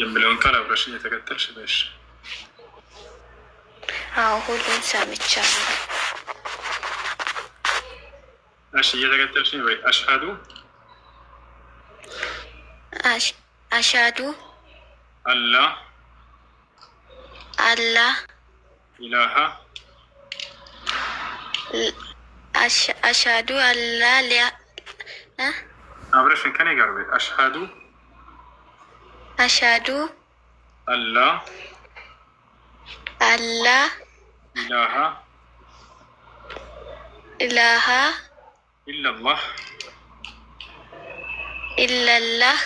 የምለውን ቃል አብረሽ እየተከተልሽ በሽ። አዎ ሁሉን ሰምቻለሁ። እሺ እየተከተልሽ ወይ አሽሀዱ አሻዱ አላ አላ ኢላሃ አሻዱ አላ ሊያ አብረሽን ከኔ ጋር ወይ አሽሀዱ أشهد أن لا إله إله إلا الله إلا الله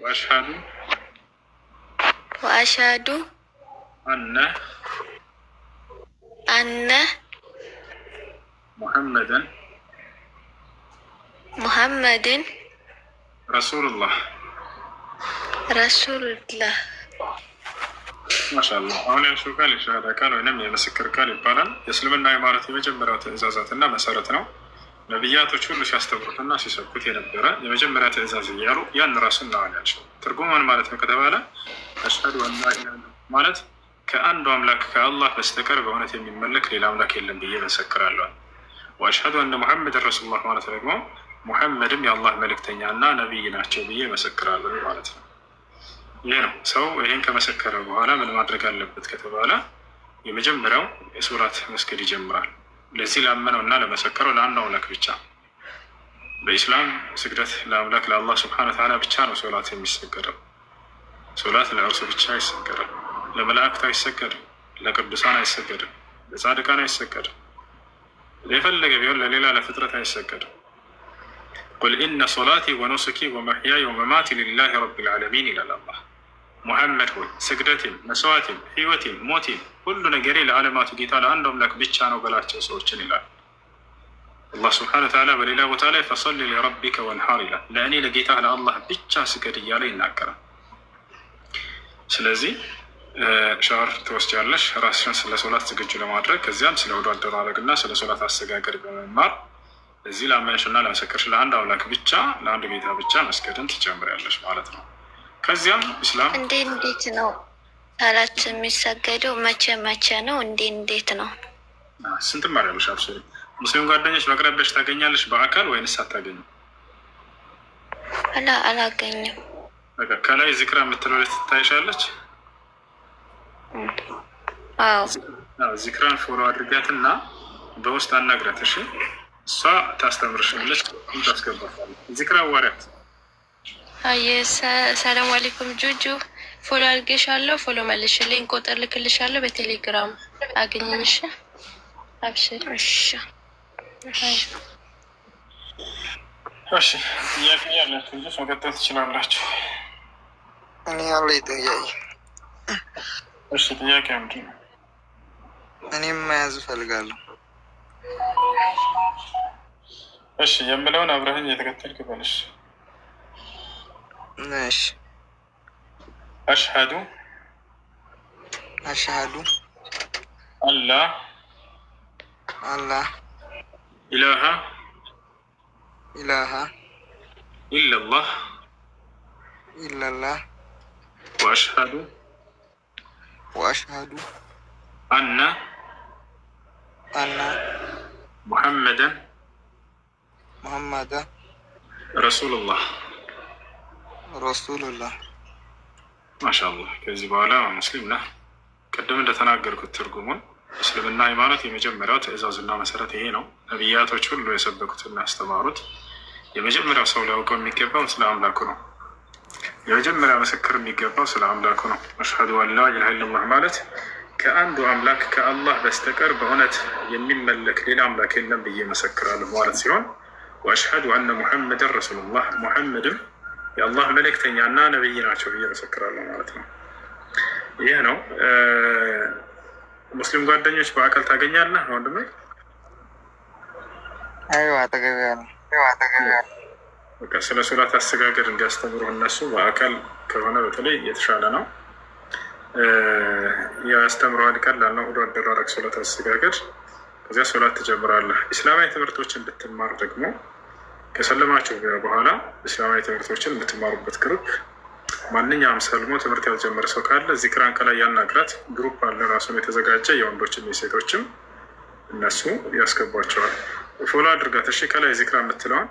وأشهد وأشهد أن أن محمدا محمد رسول الله ረሱሉላህ ማሻአላህ። አሁን ያልሽው ቃል የሸሃዳ ቃል ወይም የምስክር ቃል ይባላል። የእስልምና ሃይማኖት የመጀመሪያው ትእዛዛትና መሰረት ነው። ነቢያቶች ሁሉ ሲያስተምሩትና ሲሰብኩት የነበረ የመጀመሪያ ትእዛዝ እያሉ ያን ራሱን ነው ያልሽው። ትርጉም ምን ማለት ነው ከተባለ አሽሀዱ አላ ማለት ከአንዱ አምላክ ከአላህ በስተቀር በእውነት የሚመለክ ሌላ አምላክ የለም ብዬ መሰክራለሁ። ወአሽሀዱ አነ ሙሐመድ ረሱሉላህ ማለት ደግሞ ሙሐመድም የአላህ መልእክተኛ እና ነቢይ ናቸው ብዬ መሰክራለሁ ማለት ነው። ይህ ነው ሰው ይህን ከመሰከረ በኋላ ምን ማድረግ አለበት ከተባለ የመጀመሪያው የሶላት መስገድ ይጀምራል። ለዚህ ላመነው እና ለመሰከረው ለአንድ አምላክ ብቻ። በኢስላም ስግደት ለአምላክ ለአላህ ስብሐነ ወተዓላ ብቻ ነው ሶላት የሚሰገደው። ሶላት ለእርሱ ብቻ አይሰገድም። ለመላእክት አይሰገድም። ለቅዱሳን አይሰገድም። ለጻድቃን አይሰገድም። የፈለገ ቢሆን ለሌላ ለፍጥረት አይሰገድም። ቁል ኢነ ሶላቲ ወኖሱኪ ወመሕያይ ወመማቲ ሊላሂ ረቢል ዓለሚን ይላል አላህ። ሙሐመድ ሆይ ስግደቴም መስዋዕቴም ሕይወቴም ሞቴም ሁሉ ነገሬ ለዓለማቱ ጌታ ለአንድ አምላክ ብቻ ነው በላቸው ሰዎችን ይላል አላህ ስብሐነሁ ወተዓላ። በሌላ ቦታ ላይ ፈሰሊ ሊረቢከ ወንሐር ይላል። ለእኔ ለጌታ ለአላህ ብቻ ስገድ እያለ ይናገራል። ስለዚህ ሻወር ትወስጃለሽ ራስሽን ስለ ሶላት ዝግጁ ለማድረግ ከዚያም ስለ ውዱ አደራረግና ስለ ሶላት አሰጋገድ በመማር እዚህ ላመንሽና ለመሰከርሽ ለአንድ አምላክ ብቻ ለአንድ ጌታ ብቻ መስገድን ትጨምሪያለሽ ማለት ነው። ከዚያም ኢስላም እንዴ እንዴት ነው ሰላት የሚሰገደው? መቼ መቼ ነው? እንዴ እንዴት ነው? ስንት ማርያምሽ አብሶ ሙስሊም ጓደኞች በቅረበሽ ታገኛለሽ በአካል ወይንስ አታገኝም? አላ አላገኝም። ከላይ ዚክራ የምትለው ትታይሻለች። ዚክራን ፎሎ አድርጋትና በውስጥ አናግራት እሺ እሷ ታስተምርሻለች፣ ታስገባታለች። ዚክራ አዋሪያት። ሰላም አሌይኩም ጁጁ። ፎሎ አድርጌሻለሁ፣ ፎሎ መልሽልኝ፣ ቁጥር ልክልሻለሁ በቴሌግራም አገኘሽ። አብሽር። እሺ፣ ጥያቄ ያላችሁ ልጆች መቀጠል ትችላላችሁ። እኔ ያለ ጥያቄ እሺ፣ ጥያቄ ምንድን እኔም መያዝ እፈልጋለሁ እሺ የምለውን አብረህኝ እየተከተልክ በልሽ። እሺ አሽሃዱ አሽሃዱ አላ አላ ኢላሃ ኢላሃ ኢለላህ ኢለላህ ወአሽሃዱ ወአሽሃዱ አና አና ሙሐመደን ሙሐመደን ረሱሉላህ ረሱሉላህ። ማሻአላህ። ከዚህ በኋላ ሙስሊም ነህ። ቅድም እንደተናገርኩት ትርጉሙን እስልምና ሃይማኖት የመጀመሪያው ትዕዛዝና መሰረት ይሄ ነው። ነቢያቶች ሁሉ የሰበኩትና ያስተማሩት የመጀመሪያው ሰው ሊያውቀው የሚገባው ስለ አምላኩ ነው። የመጀመሪያ ምስክር የሚገባው ስለ አምላኩ ነው። አሽሀዱ አላ ኢላሃ ኢለላህ ማለት ከአንዱ አምላክ ከአላህ በስተቀር በእውነት የሚመለክ ሌላ አምላክ የለም ብዬ መሰክራለሁ ማለት ሲሆን ወአሽሀዱ አነ ሙሐመድን ረሱሉላህ ሙሐመድም የአላህ መልእክተኛና ነቢይ ናቸው ብዬ መሰክራለሁ ማለት ነው። ይህ ነው። ሙስሊም ጓደኞች በአካል ታገኛለህ ወንድሜ? በቃ ስለ ሶላት አስተጋገድ እንዲያስተምሩ እነሱ በአካል ከሆነ በተለይ የተሻለ ነው። ያስተምረዋል። ቀላል ነው። ሁሉ አደራረግ ሶላት አስተጋገድ፣ ከዚያ ሶላት ትጀምራለህ። እስላማዊ ትምህርቶችን እንድትማር ደግሞ ከሰለማቸው በኋላ እስላማዊ ትምህርቶችን የምትማሩበት ግሩፕ ማንኛውም ሰልሞ ትምህርት ያልጀመረ ሰው ካለ ዚክራን ከላይ ያናግራት። ግሩፕ አለ ራሱን የተዘጋጀ የወንዶችም የሴቶችም እነሱ ያስገቧቸዋል። ፎሎ አድርጋት። እሺ ከላይ ዚክራ የምትለዋል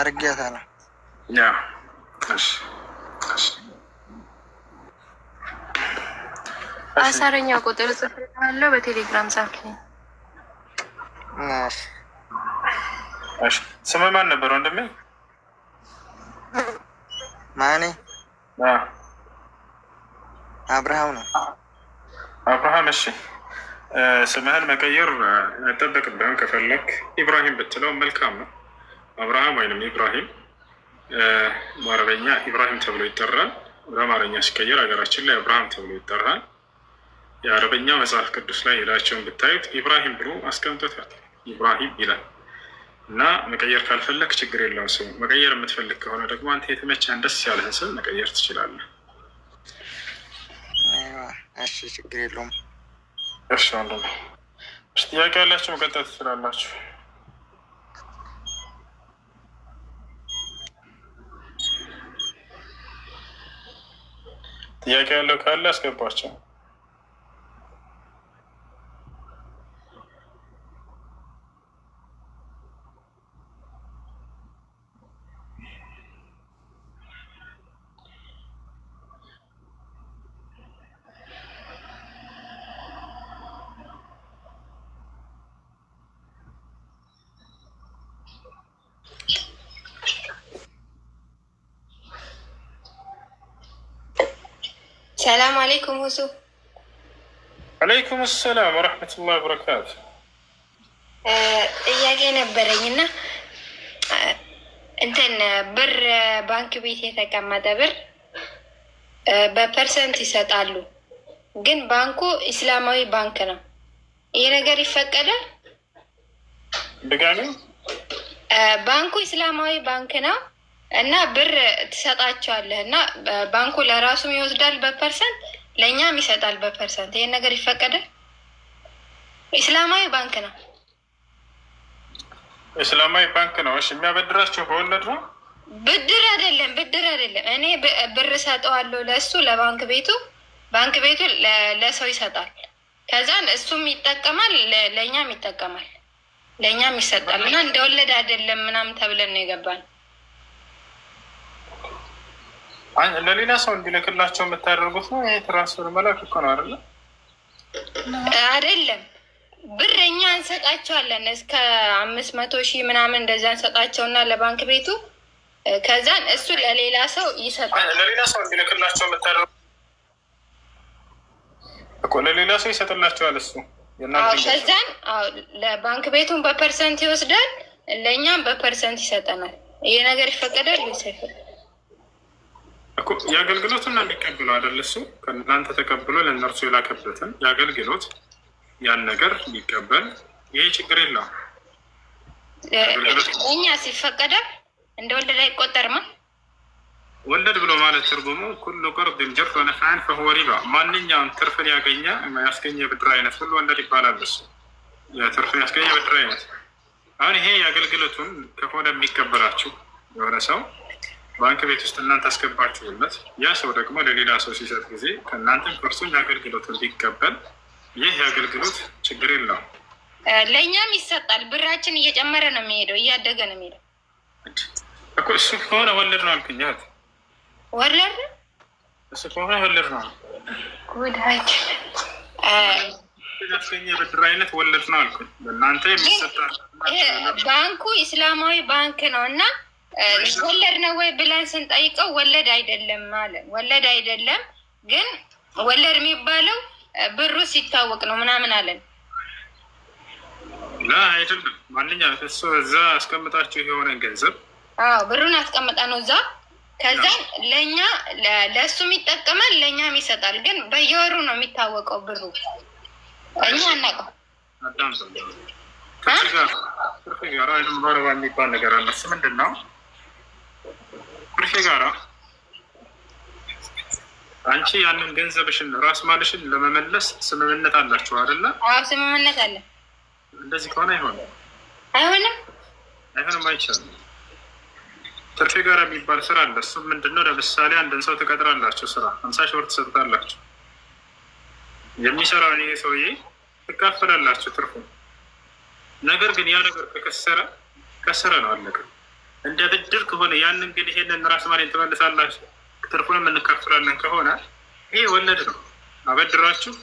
አርጌታ ነው። እሺ አሳረኛ ቁጥር ጽፍልሃለሁ በቴሌግራም ጻፍልኝ። ስምህ ማን ነበር ወንድሜ? ማኔ አብርሃም ነው። አብርሃም እሺ፣ ስምህን መቀየር አይጠበቅብህም። ከፈለክ ኢብራሂም ብትለው መልካም ነው። አብርሃም ወይንም ኢብራሂም በአረበኛ ኢብራሂም ተብሎ ይጠራል። በአማርኛ ሲቀየር ሀገራችን ላይ አብርሃም ተብሎ ይጠራል። የአረበኛ መጽሐፍ ቅዱስ ላይ ሄዳቸውን ብታዩት ኢብራሂም ብሎ አስቀምጦታል። ኢብራሂም ይላል እና መቀየር ካልፈለግ ችግር የለውም። ስሙ መቀየር የምትፈልግ ከሆነ ደግሞ አንተ የተመቻን ደስ ያለህን ስም መቀየር ትችላለህ። እሺ፣ ችግር የለውም። እሺ፣ አንዱ ጥያቄ ያላችሁ መቀጠል ትችላላችሁ። ጥያቄ ያለው ካለ አስገባቸው። ሰላም አለይኩም ሁሱ አለይኩም ሰላም ወረሕመቱላሂ በረካቱ። ጥያቄ ነበረኝና እንትን ብር ባንክ ቤት የተቀመጠ ብር በፐርሰንት ይሰጣሉ፣ ግን ባንኩ ኢስላማዊ ባንክ ነው። ይህ ነገር ይፈቀዳል? ድጋሚ ባንኩ ኢስላማዊ ባንክ ነው እና ብር ትሰጣቸዋለህ እና ባንኩ ለራሱም ይወስዳል በፐርሰንት ለእኛም ይሰጣል በፐርሰንት። ይሄን ነገር ይፈቀዳል? ኢስላማዊ ባንክ ነው። ኢስላማዊ ባንክ ነው። እሺ የሚያበድራቸው በወለድ ነው። ብድር አይደለም፣ ብድር አይደለም። እኔ ብር ሰጠዋለሁ ለእሱ ለባንክ ቤቱ፣ ባንክ ቤቱ ለሰው ይሰጣል። ከዛን እሱም ይጠቀማል፣ ለእኛም ይጠቀማል፣ ለእኛም ይሰጣል። እና እንደወለድ አይደለም ምናምን ተብለን ነው የገባነው ለሌላ ሰው እንዲልክላቸው የምታደርጉት ነው። ይህ ትራንስፈር መላክ እኮ ነው አይደለ? አይደለም ብር እኛ እንሰጣቸዋለን እስከ አምስት መቶ ሺህ ምናምን እንደዚያ እንሰጣቸውና ለባንክ ቤቱ ከዛን እሱ ለሌላ ሰው ይሰጣል። ለሌላ ሰው እንዲልክላቸው የምታደርጉት እኮ ለሌላ ሰው ይሰጥላቸዋል እሱ ከዛን ለባንክ ቤቱን በፐርሰንት ይወስዳል፣ ለእኛም በፐርሰንት ይሰጠናል። ይህ ነገር ይፈቀዳል ይሰፈል የአገልግሎትን ነው የሚቀብለው አይደል? እሱ ከእናንተ ተቀብሎ ለእነርሱ የላከበትን የአገልግሎት ያን ነገር ሊቀበል ይህ ችግር የለው። እኛ ሲፈቀደ እንደ ወለድ አይቆጠርም። ወለድ ብሎ ማለት ትርጉሙ ኩሉ ቀርድን ጀር ነፍዓን ፈሁወ ሪባ፣ ማንኛውም ትርፍን ያገኘ ያስገኘ ብድር አይነት ሁሉ ወለድ ይባላል። እሱ ትርፍን ያስገኘ ብድር አይነት። አሁን ይሄ የአገልግሎቱን ከሆነ የሚቀበላችሁ የሆነ ሰው ባንክ ቤት ውስጥ እናንተ አስገባችሁለት። ያ ሰው ደግሞ ለሌላ ሰው ሲሰጥ ጊዜ ከእናንተም ከእርሱም የአገልግሎት እንዲቀበል ይህ የአገልግሎት ችግር የለው። ለእኛም ይሰጣል። ብራችን እየጨመረ ነው የሚሄደው፣ እያደገ ነው የሚሄደው እኮ። እሱ ከሆነ ወለድ ነው አልክኛት። ወለድ እሱ ከሆነ ወለድ ነው ጉዳች የብድር አይነት ወለድ ነው አልኩ። በእናንተ የሚሰጣል። ባንኩ ኢስላማዊ ባንክ ነው እና ወለድ ነው ወይ ብለን ስንጠይቀው ወለድ አይደለም አለ። ወለድ አይደለም ግን ወለድ የሚባለው ብሩ ሲታወቅ ነው ምናምን አለን። አይደለም ማንኛውም እሱ እዛ አስቀምጣችሁ የሆነ ገንዘብ ብሩን አስቀምጣ ነው እዛ ከዛ ለእኛ ለእሱም ይጠቀማል ለእኛም ይሰጣል። ግን በየወሩ ነው የሚታወቀው ብሩ እኛ አናውቀው። ትርፍ ጋር የሚባል ነገር አለ። እሱ ምንድን ነው? ከፍርሽ ጋራ አንቺ ያንን ገንዘብሽን ራስ ማልሽን ለመመለስ ስምምነት አላችሁ አይደለ? አዎ ስምምነት አለ። እንደዚህ ከሆነ አይሆንም፣ አይሆንም፣ አይሆንም፣ አይቻልም። ትርፌ ጋር የሚባል ስራ አለ። እሱም ምንድነው? ለምሳሌ አንድን ሰው ትቀጥራላችሁ፣ ስራ ሀምሳ ሺህ ብር ትሰጡታላችሁ። የሚሰራውን ይሄ ሰውዬ ትካፈላላችሁ ትርፉ። ነገር ግን ያ ነገር ከከሰረ ከሰረ ነው፣ አለቀ። እንደ ብድር ከሆነ ያንን ግን ይሄንን ራስ ማሌን ትመልሳላችሁ ትርፉንም የምንካፍላለን ከሆነ ይሄ ወለድ ነው። አበድራችሁ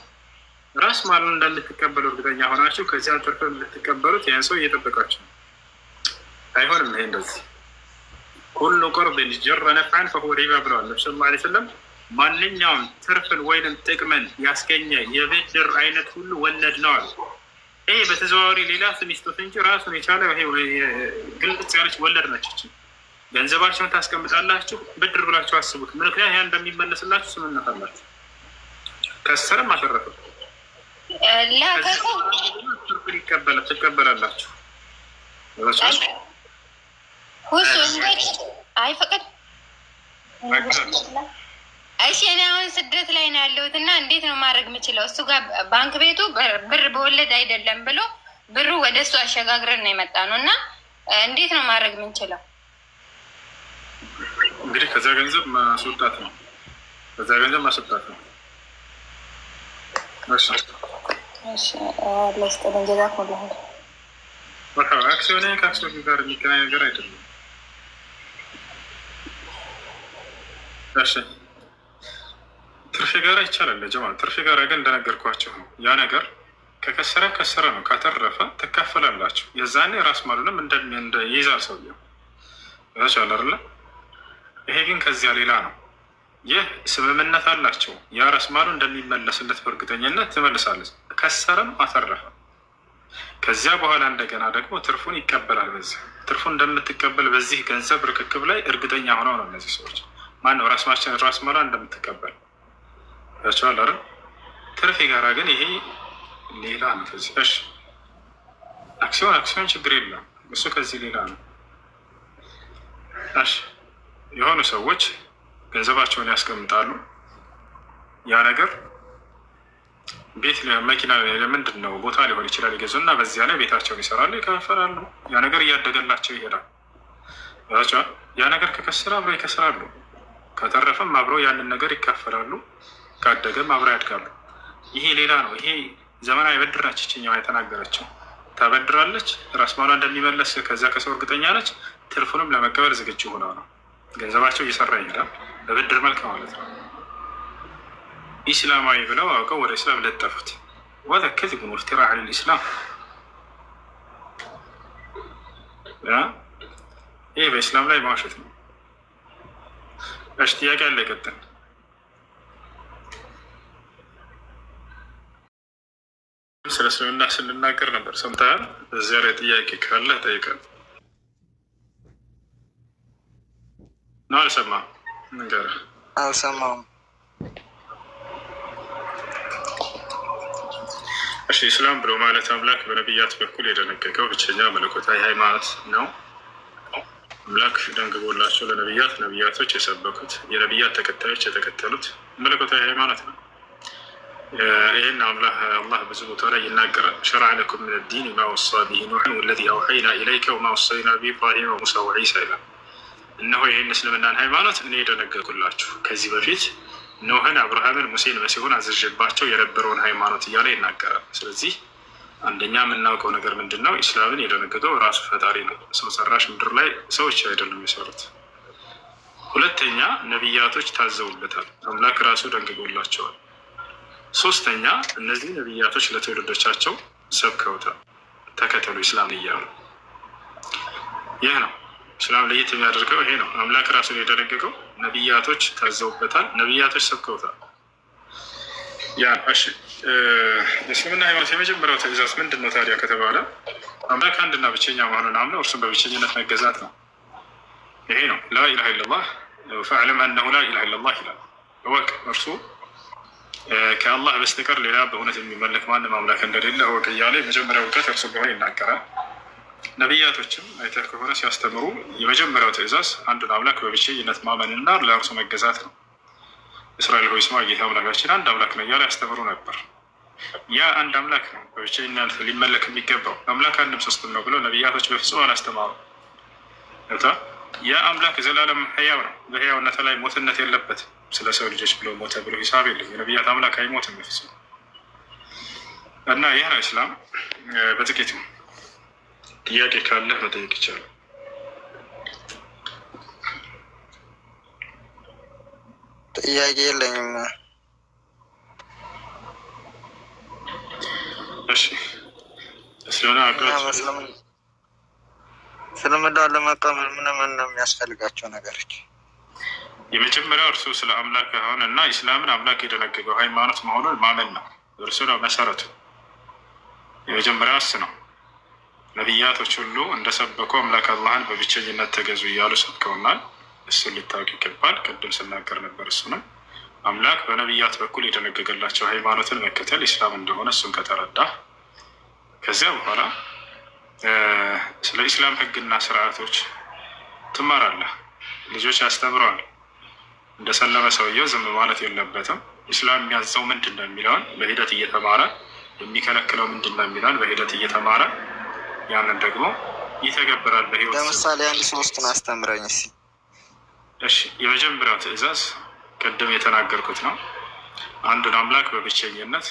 ራስ ማሉን እንዳልትቀበሉ እርግጠኛ ሆናችሁ ከዚያ ትርፍ የምትቀበሉት ያን ሰው እየጠበቃችሁ ነው። አይሆንም። ይሄ እንደዚህ ሁሉ ቆርብ ጀረ ነፍዓን ፈሁ ሪባ ብለዋል ነብ ስለ ላ ስለም ማንኛውም ትርፍን ወይንም ጥቅምን ያስገኘ የብድር አይነት ሁሉ ወለድ ነዋል። ይህ በተዘዋዋሪ ሌላ ስም እንጂ ራሱን የቻለ ግልጽ ያለች ወለድ ነች። ገንዘባቸውን ታስቀምጣላችሁ፣ ብድር ብላችሁ አስቡት። ምክንያት ያ እንደሚመለስላችሁ ስምነት አላችሁ። ከሰርም አተረፈ ትቀበላላችሁ። አይፈቅድ እሺ እኔ አሁን ስደት ላይ ነው ያለሁት እና እንዴት ነው ማድረግ የምችለው? እሱ ጋር ባንክ ቤቱ ብር በወለድ አይደለም ብሎ ብሩ ወደ እሱ አሸጋግረን ነው የመጣ ነው እና እንዴት ነው ማድረግ የምንችለው? እንግዲህ ከዛ ገንዘብ ማስወጣት ነው። ከዛ ገንዘብ ማስወጣት ነው። አክሲዮን ከአክሲዮን ጋር የሚገናኝ ነገር አይደለም። ትርፍ ጋራ ይቻላል ለጀማ ትርፍ ጋራ ግን እንደነገርኳቸው ነው። ያ ነገር ከከሰረ ከሰረ ነው፣ ካተረፈ ትካፈላላችሁ። የዛኔ ራስ ማሉንም ይይዛል ሰውየው ቻለ አለ። ይሄ ግን ከዚያ ሌላ ነው። ይህ ስምምነት አላቸው። ያ ራስ ማሉ እንደሚመለስለት በእርግጠኝነት ትመልሳለች። ከሰረም አተረፈ ከዚያ በኋላ እንደገና ደግሞ ትርፉን ይቀበላል። በዚህ ትርፉን እንደምትቀበል በዚህ ገንዘብ ርክክብ ላይ እርግጠኛ ሆነው ነው እነዚህ ሰዎች ማነው ራስ ማችን ራስ ማላ እንደምትቀበል ያቸዋል አይደል? ትርፍ የጋራ ግን ይሄ ሌላ ነው። እሺ፣ አክሲዮን አክሲዮን ችግር የለም እሱ ከዚህ ሌላ ነው። እሺ፣ የሆኑ ሰዎች ገንዘባቸውን ያስቀምጣሉ። ያ ነገር ቤት፣ መኪና፣ ምንድን ነው ቦታ ሊሆን ይችላል ይገዙ እና በዚያ ላይ ቤታቸውን ይሰራሉ፣ ይከፋፈላሉ። ያ ነገር እያደገላቸው ይሄዳል። ያ ነገር ከከሰረ አብረው ይከስራሉ፣ ከተረፈም አብረው ያንን ነገር ይካፈላሉ። ካደገም አብረው ያድጋሉ። ይሄ ሌላ ነው። ይሄ ዘመናዊ ብድር ነች። ይችኛዋ የተናገረችው ታበድራለች፣ ራስ ማሏ እንደሚመለስ ከዚያ ከሰው እርግጠኛ ነች። ትርፉንም ለመቀበል ዝግጁ ሆነው ነው። ገንዘባቸው እየሰራ ይሄዳል፣ በብድር መልክ ማለት ነው። ኢስላማዊ ብለው አውቀው ወደ እስላም ለጠፉት። ከዚህ ሙፍትራ አለ ኢስላም ይህ በኢስላም ላይ ማውሸት ነው። እሺ ጥያቄ አለ። ይቀጥል ስለ እስልምና ስንናገር ነበር። ሰምተሃል? እዚያ ላይ ጥያቄ ካለ ጠይቀን ነው። አልሰማም? ንገረህ። አልሰማም። እሺ፣ እስላም ብሎ ማለት አምላክ በነቢያት በኩል የደነገገው ብቸኛ መለኮታዊ ሃይማኖት ነው። አምላክ ደንግቦላቸው ለነቢያት ነቢያቶች የሰበኩት የነቢያት ተከታዮች የተከተሉት መለኮታዊ ሃይማኖት ነው። ይህን አምላህ አላህ ብዙ ቦታ ላይ ይናገራል። ሸራ ለኩም ምን ዲን ማ ወሳ ብሂ ኑሕን ወለዚ አውሐይና ኢለይከ ወማ ወሰይና ብሂ ኢብራሂም ወሙሳ ወዒሳ ይላል። እነሆ ይህን እስልምናን ሃይማኖት እኔ የደነገርኩላችሁ ከዚህ በፊት ኖህን፣ አብርሃምን፣ ሙሴን፣ መሲሁን አዝዤባቸው የነበረውን ሃይማኖት እያለ ይናገራል። ስለዚህ አንደኛ የምናውቀው ነገር ምንድን ነው? ኢስላምን የደነገገው ራሱ ፈጣሪ ነው። ሰው ሰራሽ ምድር ላይ ሰዎች አይደሉም የሰሩት። ሁለተኛ ነቢያቶች ታዘቡበታል። አምላክ ራሱ ደንግጎላቸዋል። ሶስተኛ እነዚህ ነቢያቶች ለትውልዶቻቸው ሰብከውታል። ተከተሉ ኢስላም እያሉ ይህ ነው እስላም ለየት የሚያደርገው ይሄ ነው። አምላክ ራሱ የደነገገው ነቢያቶች ታዘውበታል፣ ነቢያቶች ሰብከውታል። ያ እሺ፣ የእስልምና ሃይማኖት የመጀመሪያው ትእዛዝ ምንድን ነው ታዲያ ከተባለ አምላክ አንድና ብቸኛ መሆኑን አምነው እርሱም በብቸኝነት መገዛት ነው። ይሄ ነው ላኢላሃ ኢለላህ ፈዕለም አነሁ ላኢላሃ ኢለላህ ይላል። እወቅ እርሱ ከአላህ በስተቀር ሌላ በእውነት የሚመለክ ማንም አምላክ እንደሌለ እወቅ እያለ የመጀመሪያ እውቀት እርሱ እንደሆነ ይናገራል። ነቢያቶችም አይተህ ከሆነ ሲያስተምሩ የመጀመሪያው ትእዛዝ አንዱን አምላክ በብቸኝነት ማመንና ለእርሱ መገዛት ነው። እስራኤል ሆይ ስማ፣ ጌታ አምላካችን አንድ አምላክ ነው እያለ ያስተምሩ ነበር። ያ አንድ አምላክ ነው በብቸኝነት ሊመለክ የሚገባው አምላክ አንድም ሶስትም ነው ብለው ነቢያቶች በፍጹም አላስተማሩ። ያ አምላክ ዘላለም ህያው ነው። በህያውነት ላይ ሞትነት የለበት ስለ ሰው ልጆች ብሎ ሞተ ብሎ ሂሳብ የለም። የነቢያት አምላክ አይሞትም በፍጹም። እና ይህ ነው ኢስላም በጥቂት ጥያቄ ካለህ መጠየቅ ይቻላል። ጥያቄ የለኝም። እሺ እስልምና እስልምና ምን ምን ነው የሚያስፈልጋቸው ነገሮች? የመጀመሪያው እርሱ ስለ አምላክ አሁን እና ኢስላምን አምላክ የደነገገው ሃይማኖት መሆኑን ማመን ነው። እርሱ ነው መሰረቱ፣ የመጀመሪያ እሱ ነው። ነቢያቶች ሁሉ እንደሰበኩ አምላክ አላህን በብቸኝነት ተገዙ እያሉ ሰብከውናል። እሱን ልታወቅ ይገባል። ቅድም ስናገር ነበር። እሱ ነው አምላክ በነቢያት በኩል የደነገገላቸው ሃይማኖትን መከተል ኢስላም እንደሆነ እሱን ከተረዳ ከዚያ በኋላ ስለ ኢስላም ህግና ስርዓቶች ትማራለህ። ልጆች ያስተምረዋል። እንደሰለመ ሰውየው ዝም ማለት የለበትም። ኢስላም የሚያዘው ምንድን ነው የሚለውን በሂደት እየተማረ የሚከለክለው ምንድን ነው የሚለውን በሂደት እየተማረ ያንን ደግሞ ይተገብራል። በህይወት ለምሳሌ አንድ ሶስቱን አስተምረኝ። እሺ፣ የመጀመሪያው ትዕዛዝ ቅድም የተናገርኩት ነው። አንዱን አምላክ በብቸኝነት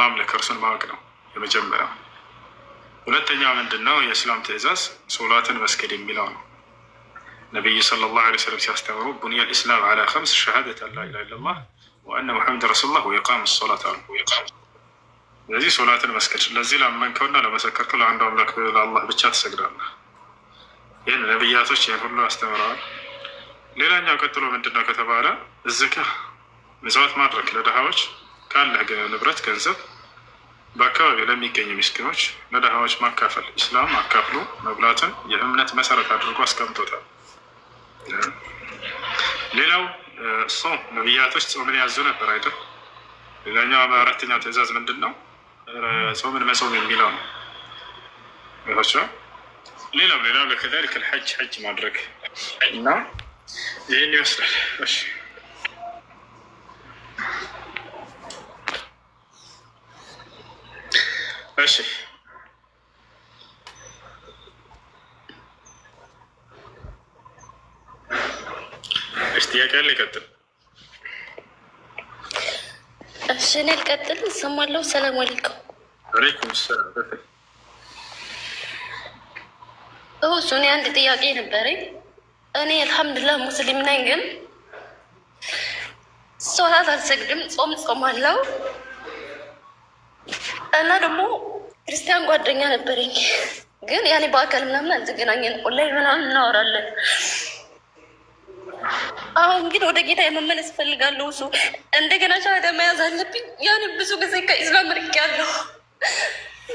ማምለክ እርሱን ማወቅ ነው የመጀመሪያው። ሁለተኛ ምንድን ነው? የእስላም ትዕዛዝ ሶላትን መስገድ የሚለው ነው። ነቢይ ሰለላሁ ዐለይሂ ወሰለም ሲያስተምሩ ቡኒያል ኢስላም ዐላ ኸምስ ሸሃደት አላ ኢላሀ ኢለላህ ወአነ ሙሐመድ ረሱሉላህ ወኢቃም ሶላት አሉ። ስለዚህ ሶላትን መስገድ ለዚህ ላመንከውና ለመሰከርከው ለአንዱ አምላክ ለአላህ ብቻ ትሰግዳለህ። ይህን ነቢያቶች ይህን ሁሉ አስተምረዋል። ሌላኛው ቀጥሎ ምንድን ነው ከተባለ እዝካ ምጽዋት ማድረግ ለድሃዎች ካለህ ንብረት ገንዘብ በአካባቢ ለሚገኙ ምስኪኖች ለድሃዎች ማካፈል። ኢስላም አካፍሉ መብላትን የእምነት መሰረት አድርጎ አስቀምጦታል። ሌላው ሶም ነቢያቶች ጾምን ያዙ ነበር አይደል? ሌላኛው አራተኛው ትእዛዝ ምንድን ነው? ጾምን መጾም የሚለው ነው። ሌላው ሌላው ለከዛሊክ ልሐጅ ሐጅ ማድረግ እና ይህን ይመስላል። እሺ ጥያቄ አለ። ይቀጥል። እሺ እኔ ልቀጥል። እሰማለሁ። ሰላም አለይኩም። አለይኩም ሰላም። እሱ እኔ አንድ ጥያቄ ነበረኝ። እኔ አልሐምዱሊላህ ሙስሊም ነኝ፣ ግን ሶላት አልሰግድም። ጾም ጾማለሁ። እና ደግሞ ክርስቲያን ጓደኛ ነበረኝ፣ ግን ያኔ በአካል ምናምን አልተገናኘን፣ ኦንላይን ምናምን እናወራለን አሁን ግን ወደ ጌታ የመመለስ እፈልጋለሁ። እሱ እንደገና ሻሃዳ መያዝ አለብኝ። ያን ብዙ ጊዜ ከኢስላም ርቅ ያለሁ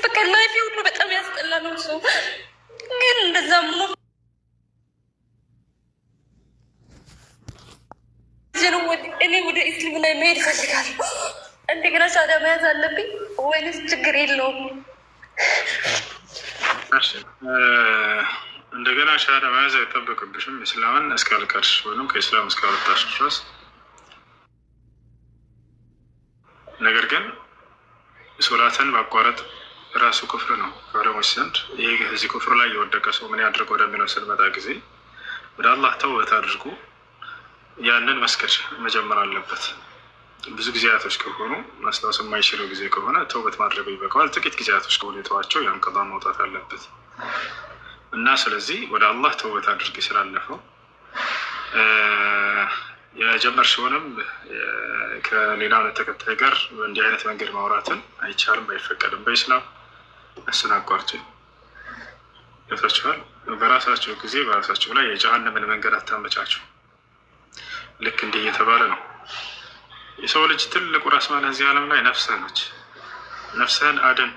በቃ ላይፌ ሁሉ በጣም ያስጠላ ነው። እሱ ግን እንደዛ ሆኖ እኔ ወደ እስልምና መሄድ እፈልጋለሁ። እንደገና ሻሃዳ መያዝ አለብኝ ወይንስ ችግር የለውም? እንደገና ሻሃዳ መያዝ አይጠበቅብሽም። እስላምን እስካልቀርሽ ወይም ከእስላም እስካልወጣሽ ድረስ ነገር ግን ሶላትን ማቋረጥ ራሱ ክፍር ነው በዑለሞች ዘንድ። ይህ እዚህ ክፍር ላይ የወደቀ ሰው ምን ያድርግ ወደሚለው ስንመጣ ጊዜ ወደ አላህ ተውበት አድርጎ ያንን መስገድ መጀመር አለበት። ብዙ ጊዜያቶች ከሆኑ ማስታወስ የማይችለው ጊዜ ከሆነ ተውበት ማድረግ ይበቃዋል። ጥቂት ጊዜያቶች ከሆኑ የተዋቸው ያን ቀዳ መውጣት አለበት። እና ስለዚህ ወደ አላህ ተውበት አድርጌ ስላለፈው ሲሆንም ከሌላ እምነት ተከታይ ጋር እንዲህ አይነት መንገድ ማውራትን አይቻልም፣ አይፈቀድም በኢስላም እሱን ገብታችኋል። በራሳቸው ጊዜ በራሳቸው ላይ የጀሃነምን መንገድ አታመቻቸው። ልክ እንዲህ እየተባለ ነው። የሰው ልጅ ትልቁ ራስ ማለት እዚህ ዓለም ላይ ነፍስህ ነች። ነፍስህን አድን።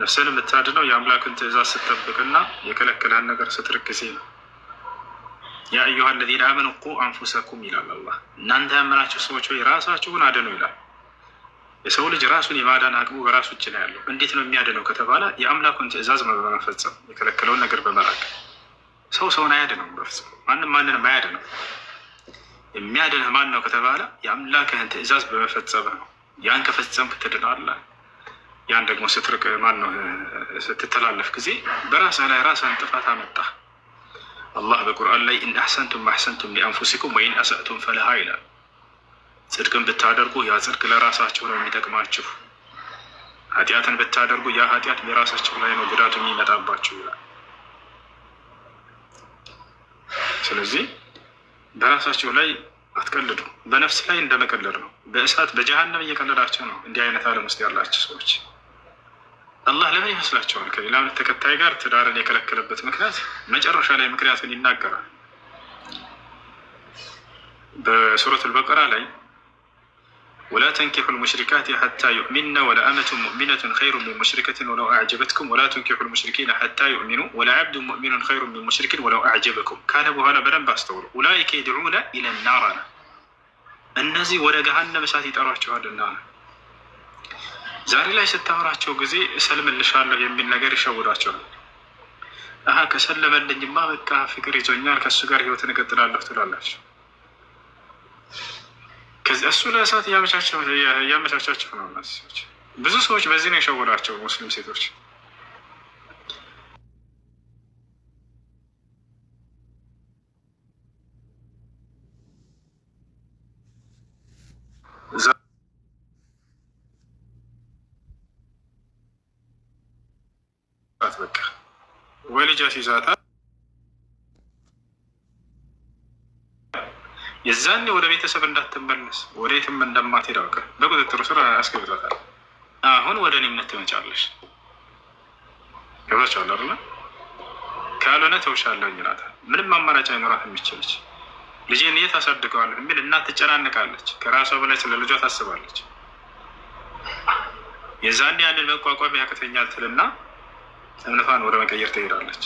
ነፍስን የምታድነው የአምላክን ትእዛዝ ስትጠብቅና የከለከለህን ነገር ስትርክ ጊዜ ነው። ያ አዩሃ ለዚነ አመኑ ቁ አንፉሰኩም ይላል አላህ። እናንተ ያመናችሁ ሰዎች ሆይ ራሳችሁን አድኑ ይላል። የሰው ልጅ ራሱን የማዳን አቅሙ በራሱ እጅ ነው ያለው። እንዴት ነው የሚያድነው ከተባለ የአምላኩን ትእዛዝ በመፈጸም የከለከለውን ነገር በመራቅ። ሰው ሰውን አያድነውም በፍጹም ማንም ማንንም አያድነው። የሚያድንህ ማን ነው ከተባለ የአምላክህን ትእዛዝ በመፈጸም ነው። ያን ከፈጸምክ ትድናለህ። ያን ደግሞ ስትርቅ ማን ነው ስትተላለፍ ጊዜ በራስህ ላይ ራስህን ጥፋት አመጣ። አላህ በቁርአን ላይ ኢን አሕሰንቱም አሕሰንቱም ሊአንፉሲኩም ወኢን አሳእቱም ፈለሃ ይላል። ጽድቅን ብታደርጉ ያ ጽድቅ ለራሳችሁ ነው የሚጠቅማችሁ፣ ኃጢአትን ብታደርጉ ያ ኃጢአት የራሳችሁ ላይ ነው ጉዳቱ የሚመጣባችሁ ይላል። ስለዚህ በራሳችሁ ላይ አትቀልዱ። በነፍስ ላይ እንደመቀለድ ነው። በእሳት በጀሃነም እየቀለዳቸው ነው። እንዲህ አይነት ዓለም ውስጥ ያላቸው ሰዎች አላህ ለምን ይመስላችኋል ከሌላ እምነት ተከታይ ጋር ትዳርን የከለከለበት ምክንያት? መጨረሻ ላይ ምክንያቱን ይናገራል። በሱረት አልበቀራ ላይ ወላ ተንኪሑ ልሙሽሪካት ሓታ ዩእሚንና ወለአመቱ ሙእሚነቱን ኸይሩ ሚን ሙሽሪከትን ወለው አዕጀበትኩም ወላ ተንኪሑ ልሙሽሪኪነ ሓታ ዩእሚኑ ወለዓብዱ ሙእሚኑን ኸይሩ ሚን ሙሽሪኪን ወለው አዕጀበኩም ካለ በኋላ በደንብ አስተውሉ። ኡላይከ የድዑነ ኢለናር አለ እነዚህ ወደ ገሃነም እሳት ይጠሯችኋልና ዛሬ ላይ ስታወራቸው ጊዜ እሰልምልሻለሁ የሚል ነገር ይሸውዳቸዋል። አሀ ከሰለመልኝማ በቃ ፍቅር ይዞኛል ከእሱ ጋር ህይወትን እቀጥላለሁ ትላላችሁ። እሱ ለእሳት እያመቻቸው ነው። ብዙ ሰዎች በዚህ ነው የሸወዳቸው ሙስሊም ሴቶች። ወይ ልጅ አስይዛታል። የዛኔ ወደ ቤተሰብ እንዳትመለስ ወደ የትም እንደማትሄድ አውቀህ በቁጥጥሩ ስር አስገብታታል። አሁን ወደ እኔ እምነት ትመጫለሽ ገብቶሻል አይደለ? ካልሆነ ተውሻለሁ ይላታል። ምንም አማራጭ አይኖራት የሚችለች ልጄን የት አሳድገዋለሁ የሚል እናት ትጨናንቃለች። ከራሷ በላይ ስለ ልጇ ታስባለች። የዛኔ ያንን መቋቋም ያቅተኛል ትልና እምነቷን ወደ መቀየር ትሄዳለች።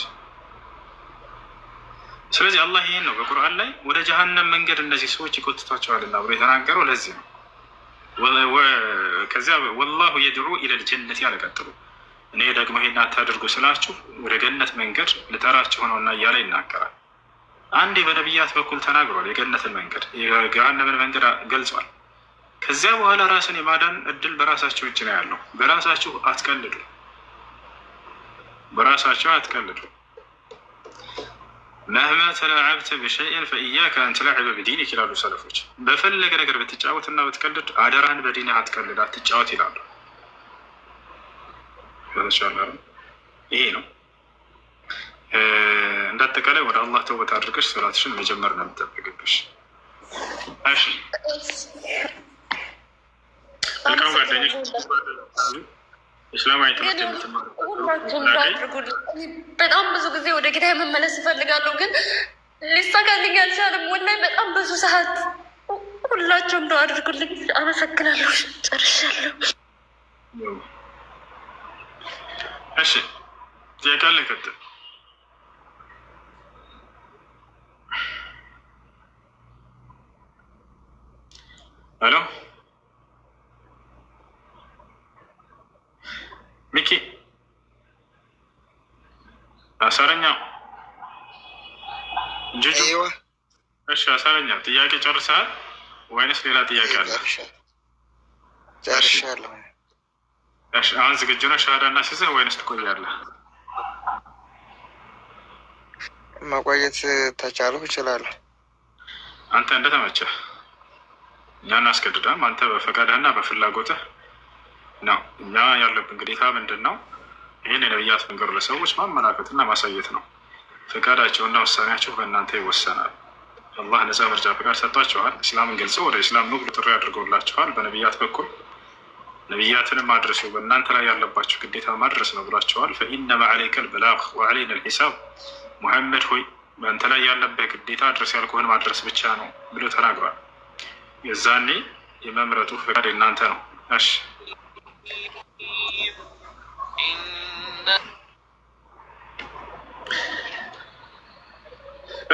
ስለዚህ አላህ ይህን ነው በቁርአን ላይ ወደ ጀሀነም መንገድ እነዚህ ሰዎች ይቆጥቷቸዋልና ብሎ የተናገረው ለዚህ ነው። ከዚያ ወላሁ የድዑ ኢለል ጀነት ያለ ቀጥሉ እኔ ደግሞ ይሄን አታድርጉ ስላችሁ ወደ ገነት መንገድ ልጠራችሁ ነውና እያለ ይናገራል። አንዴ በነቢያት በኩል ተናግሯል። የገነትን መንገድ የገሃነምን መንገድ ገልጿል። ከዚያ በኋላ ራስን የማዳን እድል በራሳችሁ እጅ ነው ያለው። በራሳችሁ አትቀልዱ። በራሳቸው አትቀልዱ። መህማ ተላዓብተ ብሸይን ፈእያከ አን ተላዕበ ብዲን ይላሉ ሰለፎች። በፈለገ ነገር ብትጫወት ብትቀልድ አደራህን በዲን አትቀልድ፣ አትጫወት ይላሉ። ይሄ ነው እንዳጠቃላይ ወደ አላህ ተውበት አድርገሽ ሶላትሽን መጀመር ነው የምጠበቅብሽ። መልካም ጓደኞች ኢስላማዊ ትምህርት በጣም ብዙ ጊዜ ወደ ጌታ የመመለስ እፈልጋለሁ፣ ግን ሊሳካልኝ አልቻለም። ወላሂ በጣም ብዙ ሰዓት ሁላቸው እንደው አድርጉልኝ። አመሰግናለሁ። ጨርሻለሁ። እሺ፣ ጥያቄ አለ? ቀጥል። ሄሎ ሚኪ አሳረኛ ጁጁ እሺ፣ አሳረኛ ጥያቄ ጨርሰሃል ወይንስ ሌላ ጥያቄ አለ? ጨርሻለሁ። አሁን ዝግጁ ነው ሻሃዳ እና ሲዝህ ወይንስ ትቆያለህ? መቆየት ተቻለሁ እችላለሁ። አንተ እንደተመቸህ እኛን አስገድዳም። አንተ በፈቃድህና በፍላጎትህ ነው። እኛ ያለብን ግዴታ ምንድን ነው? ይህን የነቢያት መንገድ ለሰዎች ማመላከትና ማሳየት ነው። ፈቃዳቸውና ውሳኔያቸው በእናንተ ይወሰናል። አላህ ነፃ መርጃ ፈቃድ ሰጥቷቸዋል። እስላምን ገልጸው ወደ እስላም ኑ ጥሪ አድርገውላቸዋል በነብያት በኩል ነብያትንም ማድረሱ በእናንተ ላይ ያለባቸው ግዴታ ማድረስ ነው ብሏቸዋል። ፈኢነማ ዓለይከ ልበላግ ወዓለይና ልሒሳብ ሙሐመድ ሆይ በአንተ ላይ ያለበት ግዴታ አድረስ ያልኩህን ማድረስ ብቻ ነው ብሎ ተናግሯል። የዛኔ የመምረጡ ፈቃድ የእናንተ ነው። እሺ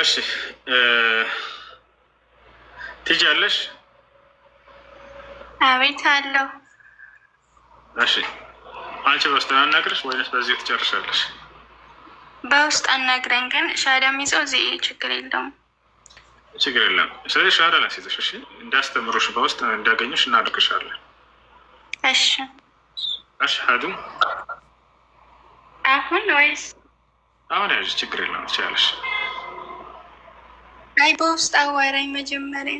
እሺ ትሄጃለሽ? አቤት አለው። እሺ አንቺ በውስጥ አናግረሽ ወይስ በዚህ ትጨርሻለሽ? በውስጥ አናግረን፣ ግን ሻዳ የሚይዘው እዚህ ችግር የለውም። ችግር የለም። ስለዚህ ሻዳ ላሴቶች እንዳስተምሮሽ በውስጥ እንዳገኘሽ እናድርግሻለን። እሺ አሽሃዱ አሁን ወይስ አሁን? ያዥ ችግር የለም ትችላለሽ። አይ በውስጥ አዋራኝ መጀመሪያ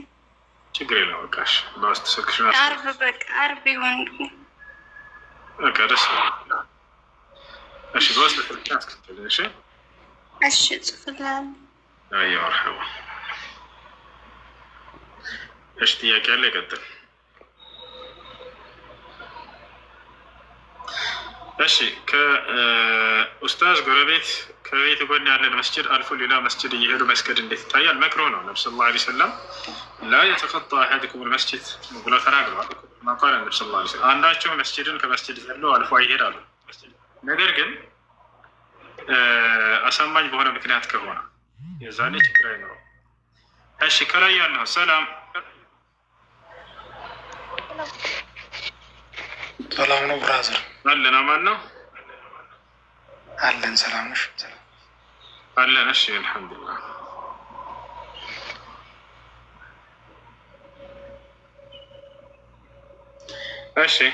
ችግር የለም በቃሽ። በውስጥ ስልክሽ አርብ በቃ አርብ ይሆን በቃ ደስ እሺ። በውስጥ ስልክሽን አስከትል እሺ። እሺ ጽፍላል አየ መርሐባ። እሺ ጥያቄ አለ ይቀጥል። እሺ ከኡስታዝ ጎረቤት ከቤት ጎን ያለን መስጅድ አልፎ ሌላ መስጅድ እየሄዱ መስገድ እንዴት ይታያል? መክሮ ነው። ነብ ስለ ላ ሰለም ላ የተቀጣ አሀድኩም መስጅድ ብሎ ተናግረዋል። ማቋር ነብ ስ ላ አንዳቸው መስጅድን ከመስጅድ ዘሎ አልፎ ይሄዳሉ። ነገር ግን አሳማኝ በሆነ ምክንያት ከሆነ የዛኔ ችግር አይኖረው። እሺ ከላይ ያለው ሰላም ሰላም ነው ብራዘር አለን። አማን ነው አለን። ሰላም ነሽ? አለን። እሺ፣ አልሐምዱሊላህ። እሺ